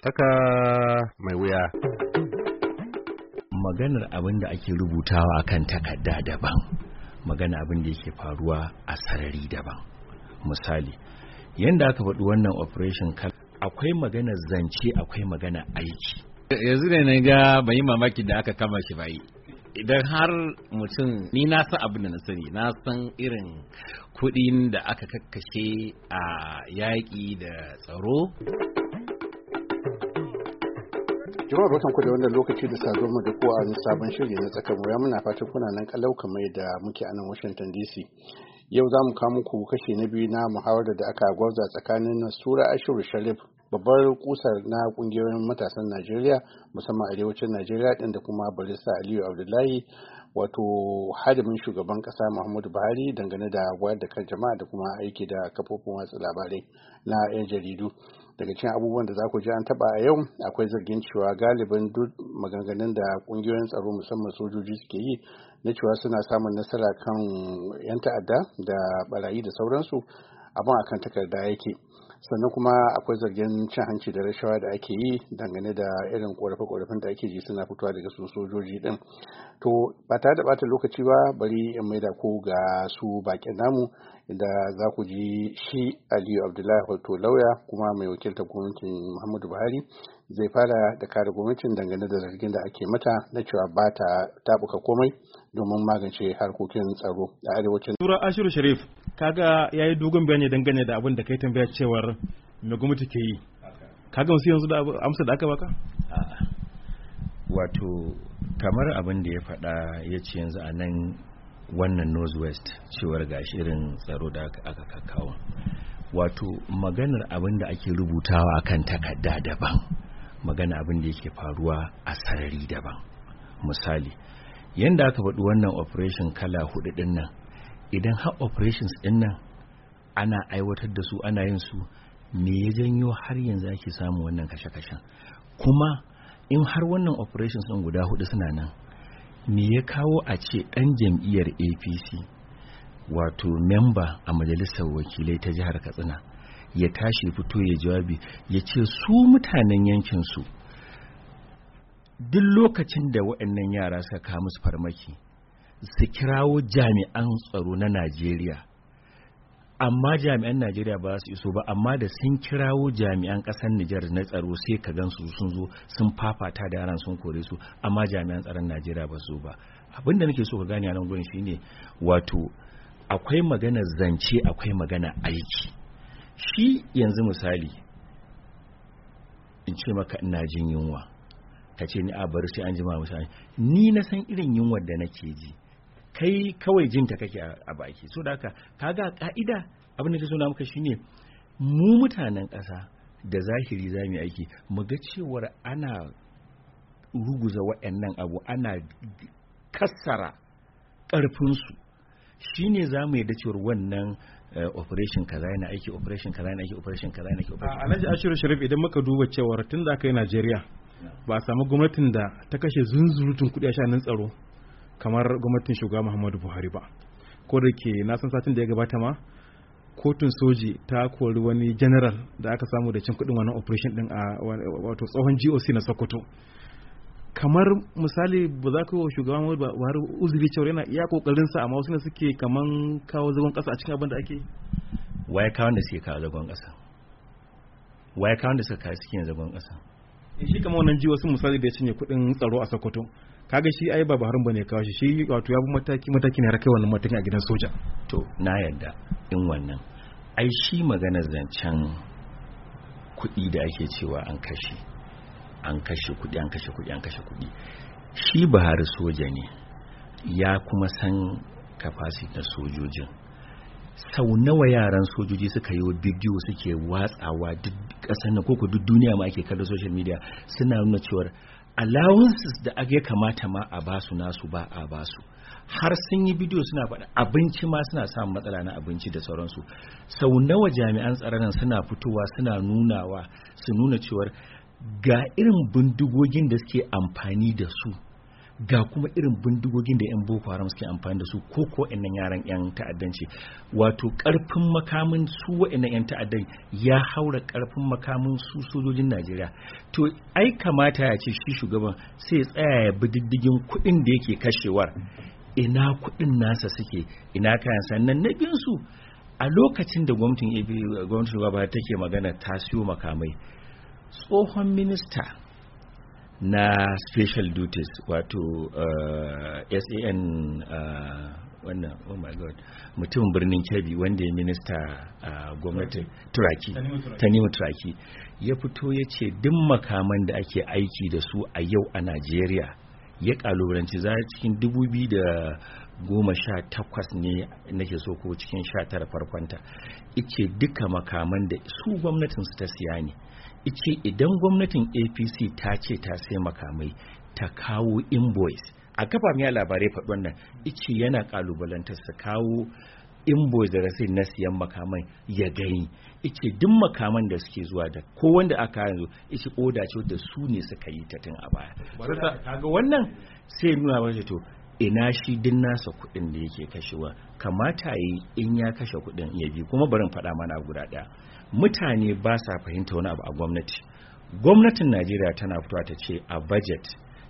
Tsaka mai wuya. Maganar abin da ake rubutawa a kan takarda daban, magana abin da yake faruwa a sarari daban. Misali, yadda aka faɗi wannan operation kal akwai magana zance akwai magana aiki. Yanzu ne na ga bai mamaki da aka kama shi bai. idan har mutum ni na san abin da na sani na san irin kuɗin da aka kakkashe a yaƙi da tsaro. Jama'a barkan ku da wannan lokaci da saduwar mu da kowa a sabon shiri na tsakar mu muna fatan kuna nan kalau kamar da muke a nan Washington DC. Yau za mu kawo muku kashe na biyu na muhawarar da aka gwarza tsakanin Nasura Ashiru Sharif babbar kusar na kungiyoyin matasan Najeriya musamman arewacin Najeriya din da kuma Barista Aliyu Abdullahi wato hadimin shugaban kasa Muhammadu Buhari dangane da wayar da kan jama'a da kuma aiki da kafofin watsa labarai na 'yan jaridu. daga cikin abubuwan da za ku ji an taba a yau akwai zargin cewa galibin duk maganganun da kungiyoyin tsaro musamman sojoji suke yi na cewa suna samun nasara kan 'yan ta'adda da barayi da sauransu abin akan takarda yake sannan kuma akwai zargin cin hanci da rashawa da ake yi dangane da irin korafe-korafen da ake ji suna fitowa daga su sojoji din to ba tare da bata lokaci ba bari in mai da ko ga su bakin namu da za ku ji shi aliyu abdullahi wato lauya kuma mai wakiltar gwamnatin muhammadu buhari zai fara da kare gwamnatin dangane da zargin da ake mata na cewa ba ta tabuka komai domin magance harkokin tsaro a arewacin tura Ashiru sharif kaga yayi dogon bayani dangane da abin da kai tambaya cewar me gwamnati ke yi kaga wasu yanzu da amsa da aka baka wato kamar abin da ya faɗa ya ce yanzu a nan wannan northwest cewar ga irin tsaro da aka kakawo wato maganar abin da ake rubutawa akan takarda daban magana abin da yake faruwa a sarari daban misali yadda aka faɗi wannan operation kala hudu ɗin nan idan har operations din nan ana aiwatar da su ana yin su me ya janyo har yanzu ake samu wannan kashe-kashen kuma in har wannan operations din guda hudu suna nan me ya kawo a ce dan jam'iyyar apc wato memba a majalisar wakilai ta jihar katsina ya tashi fito ya jawabi ya ce su mutanen yankin su duk lokacin da waɗannan yara suka kawo musu farmaki su kirawo jami'an tsaro na najeriya amma jami'an najeriya ba su iso ba amma da sun kirawo jami'an kasar nijar na tsaro sai ka gansu sun zo sun fafata da yaran sun kore su amma jami'an tsaron najeriya ba su ba abin da nake so ka gane a nan gurin shine wato akwai magana zance akwai magana aiki shi yanzu misali in ce maka ina jin yunwa ka ce ni a bar sai an jima misali ni na san irin yunwar da nake ji kai kawai jinta kake a baki so da haka ga ka'ida abin da ta suna maka shine mu mutanen ƙasa da zahiri za mu aiki mu ga cewar ana ruguza wa'annan abu ana kassara ƙarfinsu shine za mu yadda cewar wannan eh, operation kaza yana aiki operation kaza yana aiki operation kaza yana aiki operation alhaji ashiru sharif idan muka duba cewar tun da aka yi najeriya ba a samu gwamnatin da ta kashe zunzurutun kuɗi a shanin tsaro kamar gwamnatin shugaba muhammadu buhari ba ko da ke na san satin da ya gabata ma kotun soji ta kori wani general da aka samu da cin kudin wannan operation din a wato tsohon goc na sokoto kamar misali ba za ka yi wa shugaban buhari uzuri cewa yana iya kokarin sa amma wasu ne suke kaman kawo zagon kasa a cikin abin da ake waye kawo da suke kawo zagon kasa waye kawo da suka kawo suke zagon kasa eh, shi kamar wannan ji sun misali da ya cinye kudin tsaro a sokoto kaga shi ai ba baharun bane kawo shi shi wato ya bi mataki mataki ne har kai wannan matakin a gidan soja to na yadda in wannan ai shi maganar zancen kuɗi da ake cewa an kashe an kashe kuɗi an kashe kuɗi an kashe kuɗi shi bahari soja ne ya kuma san capacity na sojojin sau nawa yaran sojoji suka yi bidiyo suke watsawa duk ƙasar na koko duk duniya ma ake kallon social media suna nuna cewar allowances da ya kamata ma a basu nasu ba a basu har sun yi bidiyo suna faɗa abinci ma suna samun matsala na abinci da sauransu sau nawa jami'an tsaron suna fitowa suna nunawa su nuna cewar ga irin bindigogin da suke amfani da su ga kuma irin bindigogin da 'yan boko haram suke amfani da su ko ko innan yaran 'yan ta'addanci wato karfin makamin su wa'annan 'yan ta'addan ya haura karfin makamin su sojojin najeriya to ai kamata ya ce shi shugaban sai ya tsaya ya bi diddigin kuɗin da yake kashewar ina kuɗin nasa suke ina kayan sannan na su a lokacin da gwamnatin gwamnatin shugaba take magana ta siyo makamai tsohon minista na special duties wato uh, san uh, wannan oh my god mutum birnin kebbi wanda ya minista a uh, gwamnatin turaki tanimu turaki ya fito ya ce duk makaman da ake aiki da su a yau a najeriya ya kalubalanci za cikin 2018 ne nake so ko cikin 19 farkonta ice duka makaman da su gwamnatin su ta siya ne ice idan gwamnatin apc ta ce ta sai makamai ta kawo invoice a kafa miya labarai faɗi wannan ice yana kalubalanta su kawo invoice da sai na siyan makamai ya gani ice duk makaman da suke zuwa da ko wanda aka yanzu ice oda ce da su ne suka yi ta tun a baya kaga wannan sai nuna shi to ina shi din nasa kuɗin da yake kashewa kamata yi in ya kashe kuɗin ya bi kuma barin faɗa mana guda ɗaya mutane ba sa fahimta wani abu a gwamnati gwamnatin najeriya tana fitowa ta ce a budget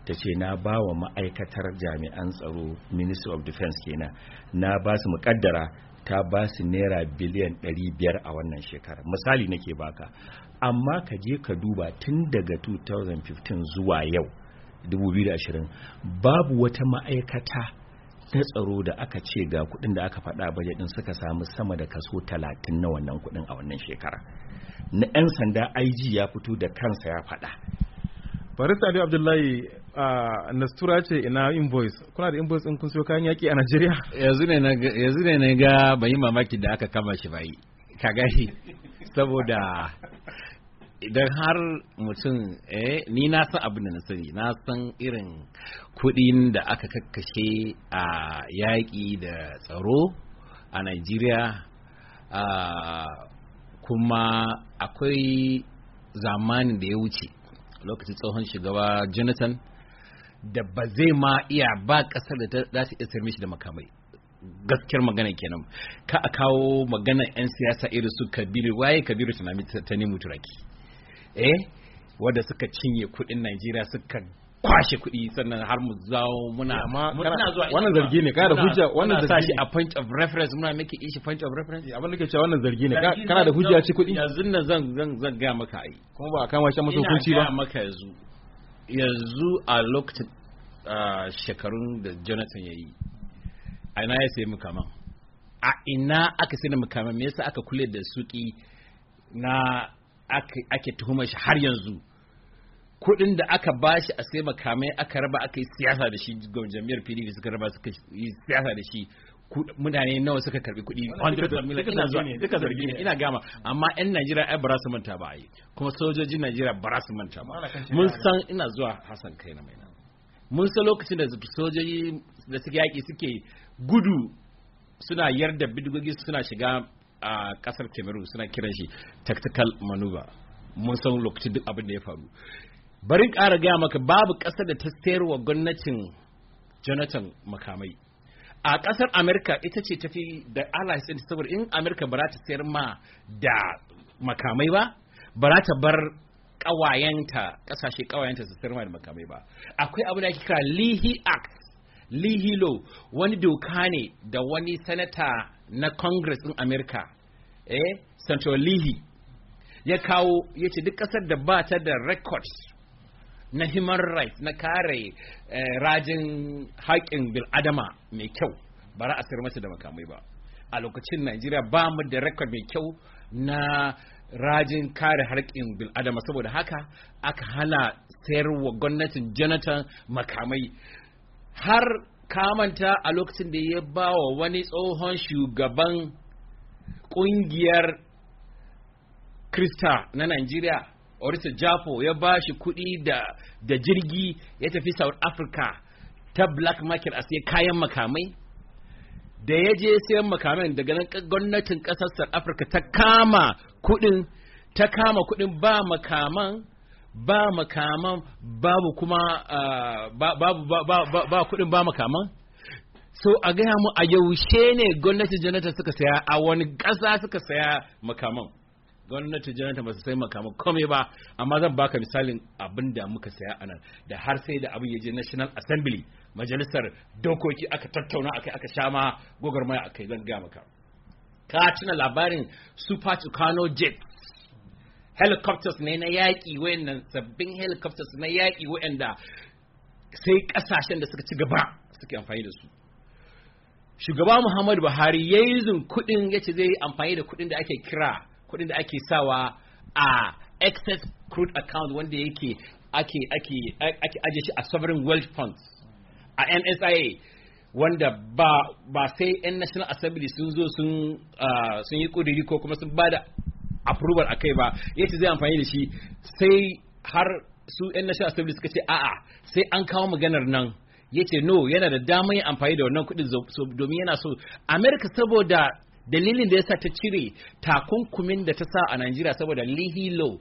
ta ce na ba wa ma'aikatar jami'an tsaro ministry of defense kenan na ba su mukaddara ta ba su naira biliyan 500 a wannan shekara misali nake baka amma ka je ka duba tun daga 2015 zuwa yau 2020 babu wata ma'aikata na tsaro da aka ce ga kudin da aka faɗa bajet din suka samu sama da kaso talatin na wannan kudin a wannan shekara na 'yan sanda IG ya fito da kansa ya faɗa barista Ali Abdullahi a Nastura ce ina invoice kuna da invoice in kun siyo kayan yaki a Najeriya yanzu ne na yanzu ne na ga bai mamaki da aka kama shi bai ka gashi saboda idan har mutum eh ni na san abin da na sani na san irin kuɗin da aka kakkashe a yaƙi da tsaro a Najeriya kuma akwai zamanin da ya wuce lokacin tsohon shugaba Jonathan da ba zai ma iya ba ƙasar da za su isar mishi da makamai gaskiyar magana kenan ka a kawo magana 'yan siyasa irin su kabiru waye kabiru nemi turaki eh wanda suka cinye kuɗin Najeriya suka kwashe kuɗi sannan har mu zawo muna eh, muna zuwa wannan zargi ne kana da hujja wannan zargi ne a point of reference muna make ishi point of reference eh, abin da ke cewa wannan zargi ne kana da hujja ci kuɗi yanzu nan zan zan zan ga maka ai kuma ba a kama shi masa hukunci ba ina ga maka yanzu yanzu a lokacin shekarun da Jonathan yayi a ina ya sayi mukaman a ina aka sayi mukaman me yasa aka kule da suki na ake tuhumar shi har yanzu kuɗin da aka bashi a sai makamai aka raba aka yi siyasa da shi ga jami'ar pdp suka raba suka yi siyasa da shi mutane nawa suka karbi kuɗi ina duka zargi ne ina gama amma yan Najeriya ai ba su manta ba ai kuma sojojin Najeriya ba su manta ba mun san ina zuwa Hassan kai na mai nan mun san lokacin da sojoji da suke yaki suke gudu suna yarda bidigogi suna shiga a kasar cameroon suna kiran shi tactical maneuver mun san lokacin duk abin da ya faru bari ƙara gaya maka babu ƙasar da ta sayarwa wa gwamnatin jonathan makamai a ƙasar amerika ita ce tafi da allies ɗin saboda in amerika ba ta sayar ma da makamai ba ba ta bar ƙawayenta ƙasashe ƙawayenta su sayar ma da makamai ba akwai abu da ake kira lihi act lihi law wani doka ne da wani sanata na congress din america eh santo lihi ya kawo ya ce duk ƙasar da ba ta da records na human rights na kare eh, rajin haƙƙin bil'adama mai kyau ba a sayar masa da makamai ba a lokacin najeriya ba mu da record mai kyau na rajin kare harkin bil'adama saboda haka aka hana sayarwa gwamnatin jonathan makamai har kamanta a lokacin da ya ba wa wani tsohon shugaban ƙungiyar krista na Najeriya, Orisa Jafo ya ba shi kuɗi da jirgi ya tafi South Africa ta black market a sai kayan makamai da ya je sayan makamai daga nan gwamnatin ƙasar South Africa ta kama kuɗin ta kama kuɗin ba makaman ba makaman babu kuma ah, babu ba kuɗin ba makaman so a gaya mu a yaushe ne gwamnati janata suka saya a wani ƙasa suka saya makaman Gwamnati janata ba su sai makaman kome ba amma zan baka misalin abin da muka saya a nan da har sai da abin ya je national assembly majalisar dokoki aka tattauna akai aka sha ma gogar gwagwarmaya akai zan gaya maka ka tuna labarin super tucano jet helicopters ne na yaƙi wayannan sabbin helicopters na yaƙi wayanda sai ƙasashen da suka ci gaba suke amfani da su shugaba muhammadu buhari ya yi zun kuɗin ya ce zai amfani da kuɗin da ake kira kuɗin da ake sawa a excess crude account wanda yake ake ake ake aje shi a sovereign wealth funds a NSIA wanda ba ba sai 'yan national assembly sun zo sun ah, sun yi kudiri ko kuma sun bada approval a kai ba ya ce zai amfani da shi sai har su 'yan national assembly suka ce a'a sai an kawo maganar nan ya ce no yana da damar yin amfani da wannan kuɗin domin yana so america saboda dalilin da ya sa ta cire takunkumin da ta sa a najeriya saboda lihilo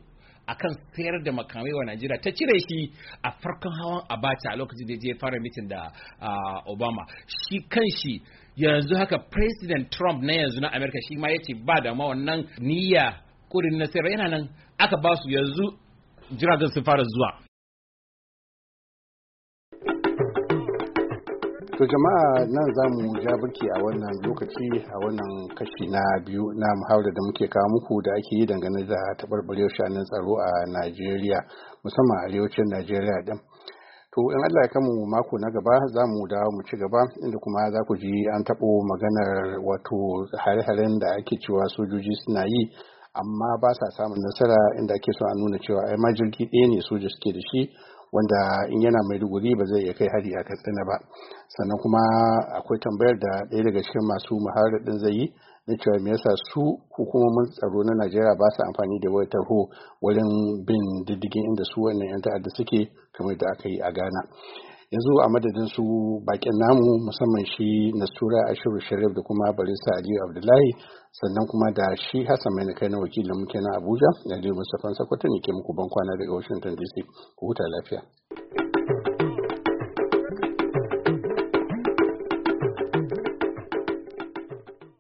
akan sayar da makamai wa Najeriya ta cire shi a farkon hawan Abacha a lokacin da je fara mitin da ah, Obama shi kanshi yanzu haka President Trump na yanzu na Amerika shi ma yace ba da ma wannan niyya kurin nasira yana nan aka ba su yanzu jiragen sun fara zuwa To jama'a nan za mu ja birki a wannan lokaci a wannan kashi na biyu na muhawarar da muke kawo muku da ake yi dangane da taɓarɓarewar shanun tsaro a Najeriya musamman a arewacin Najeriya ɗin. To in Allah ya kamu mako na gaba za mu dawo mu ci gaba inda kuma za ku ji an taɓo maganar wato hare-haren da ake cewa sojoji suna yi amma ba sa samun nasara inda ake so a nuna cewa ai ma jirgi ɗaya ne soja suke da shi wanda in yana mai duguri ba zai iya kai hari a katsina ba sannan kuma akwai tambayar da ɗaya daga cikin masu muharar ɗin zai yi na cewa me yasa su hukumomin tsaro na najeriya ba su amfani da wayar tarho wajen bin diddigin inda su wannan yan ta'adda suke kamar da aka yi a ghana yanzu a madadin su bakin namu musamman shi nastura ashiru sharif da kuma barista aliyu abdullahi sannan kuma da shi hassan mai kai na wakilin muke na abuja aliyu mustafan sakwato ne ke muku ban kwana daga washington dc ku huta lafiya